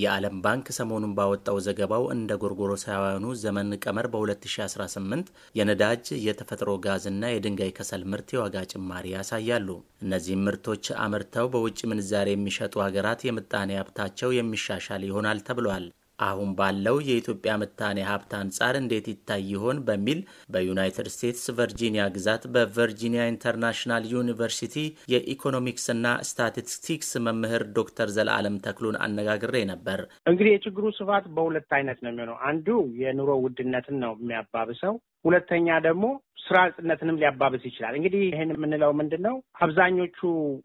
የዓለም ባንክ ሰሞኑን ባወጣው ዘገባው እንደ ጎርጎሮሳውያኑ ዘመን ቀመር በ2018 የነዳጅ የተፈጥሮ ጋዝና የድንጋይ ከሰል ምርት የዋጋ ጭማሪ ያሳያሉ። እነዚህም ምርቶች አምርተው በውጭ ምንዛሬ የሚሸጡ ሀገራት የምጣኔ ሀብታቸው የሚሻሻል ይሆናል ተብሏል። አሁን ባለው የኢትዮጵያ ምጣኔ ሀብት አንጻር እንዴት ይታይ ይሆን በሚል በዩናይትድ ስቴትስ ቨርጂኒያ ግዛት በቨርጂኒያ ኢንተርናሽናል ዩኒቨርሲቲ የኢኮኖሚክስና ስታቲስቲክስ መምህር ዶክተር ዘለአለም ተክሉን አነጋግሬ ነበር። እንግዲህ የችግሩ ስፋት በሁለት አይነት ነው የሚሆነው። አንዱ የኑሮ ውድነትን ነው የሚያባብሰው። ሁለተኛ ደግሞ ስራ አጥነትንም ሊያባብስ ይችላል። እንግዲህ ይህን የምንለው ምንድን ነው? አብዛኞቹ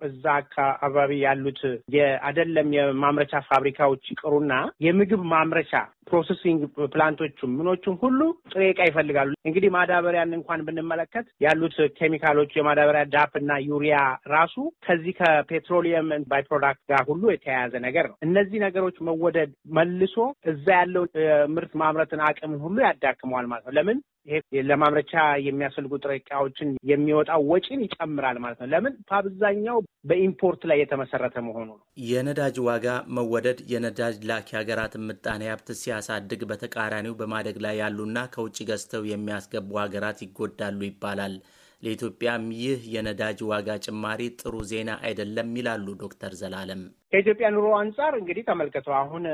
እዛ አካባቢ ያሉት የአደለም የማምረቻ ፋብሪካዎች ይቅሩና የምግብ ማምረቻ ፕሮሰሲንግ ፕላንቶቹም ምኖቹም ሁሉ ጥሬ እቃ ይፈልጋሉ። እንግዲህ ማዳበሪያን እንኳን ብንመለከት ያሉት ኬሚካሎች የማዳበሪያ ዳፕ እና ዩሪያ ራሱ ከዚህ ከፔትሮሊየም ባይ ፕሮዳክት ጋር ሁሉ የተያያዘ ነገር ነው። እነዚህ ነገሮች መወደድ መልሶ እዛ ያለው ምርት ማምረትን አቅምን ሁሉ ያዳክመዋል ማለት ነው። ለምን ይሄ ለማምረቻ የሚያስፈልጉ ጥሬ ዕቃዎችን የሚወጣው ወጪን ይጨምራል ማለት ነው። ለምን በአብዛኛው በኢምፖርት ላይ የተመሰረተ መሆኑ ነው። የነዳጅ ዋጋ መወደድ የነዳጅ ላኪ ሀገራት ምጣኔ ሀብት ሲያ ሲያሳድግ በተቃራኒው በማደግ ላይ ያሉና ከውጭ ገዝተው የሚያስገቡ ሀገራት ይጎዳሉ ይባላል። ለኢትዮጵያም ይህ የነዳጅ ዋጋ ጭማሪ ጥሩ ዜና አይደለም ይላሉ ዶክተር ዘላለም። ከኢትዮጵያ ኑሮ አንጻር እንግዲህ ተመልከተው አሁን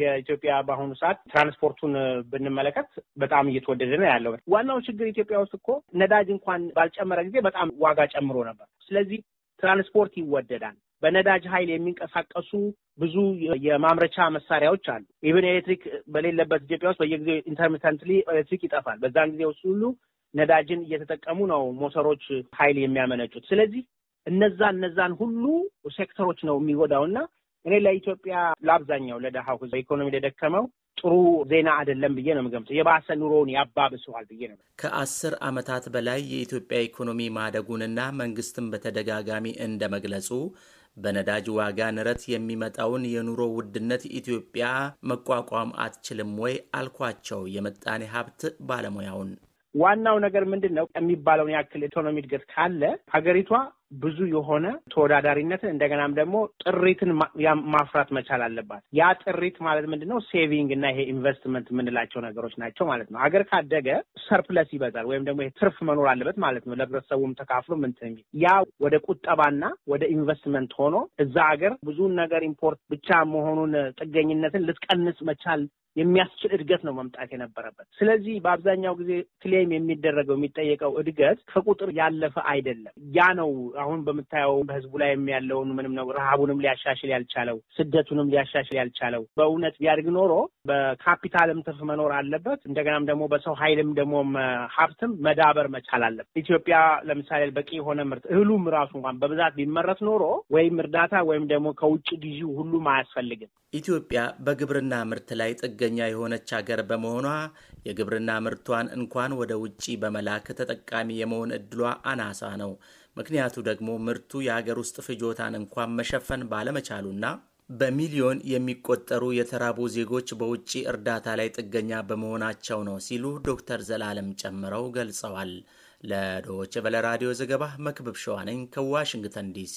የኢትዮጵያ በአሁኑ ሰዓት ትራንስፖርቱን ብንመለከት በጣም እየተወደደ ነው ያለው። ዋናው ችግር ኢትዮጵያ ውስጥ እኮ ነዳጅ እንኳን ባልጨመረ ጊዜ በጣም ዋጋ ጨምሮ ነበር። ስለዚህ ትራንስፖርት ይወደዳል። በነዳጅ ኃይል የሚንቀሳቀሱ ብዙ የማምረቻ መሳሪያዎች አሉ። ኢቨን ኤሌክትሪክ በሌለበት ኢትዮጵያ ውስጥ በየጊዜው ኢንተርሚተንትሊ ኤሌክትሪክ ይጠፋል። በዛን ጊዜ ውስጥ ሁሉ ነዳጅን እየተጠቀሙ ነው ሞተሮች ኃይል የሚያመነጩት። ስለዚህ እነዛ እነዛን ሁሉ ሴክተሮች ነው እና እኔ ለኢትዮጵያ ለአብዛኛው ለደሃው ሕዝብ በኢኮኖሚ ለደከመው ጥሩ ዜና አይደለም ብዬ ነው የምገምተው። የባሰ ኑሮውን ያባብሰዋል ብዬ ነው። ከአስር ዓመታት በላይ የኢትዮጵያ ኢኮኖሚ ማደጉንና መንግስትም በተደጋጋሚ እንደመግለጹ በነዳጅ ዋጋ ንረት የሚመጣውን የኑሮ ውድነት ኢትዮጵያ መቋቋም አትችልም ወይ አልኳቸው የምጣኔ ሀብት ባለሙያውን። ዋናው ነገር ምንድን ነው የሚባለውን ያክል ኢኮኖሚ እድገት ካለ ሀገሪቷ ብዙ የሆነ ተወዳዳሪነትን እንደገናም ደግሞ ጥሪትን ማፍራት መቻል አለባት። ያ ጥሪት ማለት ምንድን ነው? ሴቪንግ እና ይሄ ኢንቨስትመንት የምንላቸው ነገሮች ናቸው ማለት ነው። ሀገር ካደገ ሰርፕለስ ይበዛል፣ ወይም ደግሞ ይሄ ትርፍ መኖር አለበት ማለት ነው። ለህብረተሰቡም ተካፍሎ ምንትን የሚል ያ ወደ ቁጠባና ወደ ኢንቨስትመንት ሆኖ እዛ ሀገር ብዙን ነገር ኢምፖርት ብቻ መሆኑን ጥገኝነትን ልትቀንስ መቻል የሚያስችል እድገት ነው መምጣት የነበረበት። ስለዚህ በአብዛኛው ጊዜ ክሌም የሚደረገው የሚጠየቀው እድገት ከቁጥር ያለፈ አይደለም። ያ ነው አሁን በምታየው በህዝቡ ላይ ያለውን ምንም ነው ረሃቡንም ሊያሻሽል ያልቻለው ስደቱንም ሊያሻሽል ያልቻለው በእውነት ቢያድግ ኖሮ በካፒታልም ትርፍ መኖር አለበት። እንደገናም ደግሞ በሰው ኃይልም ደግሞ ሀብትም መዳበር መቻል አለበት። ኢትዮጵያ ለምሳሌ በቂ የሆነ ምርት እህሉም ራሱ እንኳን በብዛት ቢመረት ኖሮ ወይም እርዳታ ወይም ደግሞ ከውጭ ግዢ ሁሉም አያስፈልግም። ኢትዮጵያ በግብርና ምርት ላይ ጥገኛ የሆነች ሀገር በመሆኗ የግብርና ምርቷን እንኳን ወደ ውጭ በመላክ ተጠቃሚ የመሆን እድሏ አናሳ ነው። ምክንያቱ ደግሞ ምርቱ የሀገር ውስጥ ፍጆታን እንኳን መሸፈን ባለመቻሉና በሚሊዮን የሚቆጠሩ የተራቡ ዜጎች በውጭ እርዳታ ላይ ጥገኛ በመሆናቸው ነው ሲሉ ዶክተር ዘላለም ጨምረው ገልጸዋል። ለዶች በለ ራዲዮ ዘገባ መክብብ ሸዋነኝ ከዋሽንግተን ዲሲ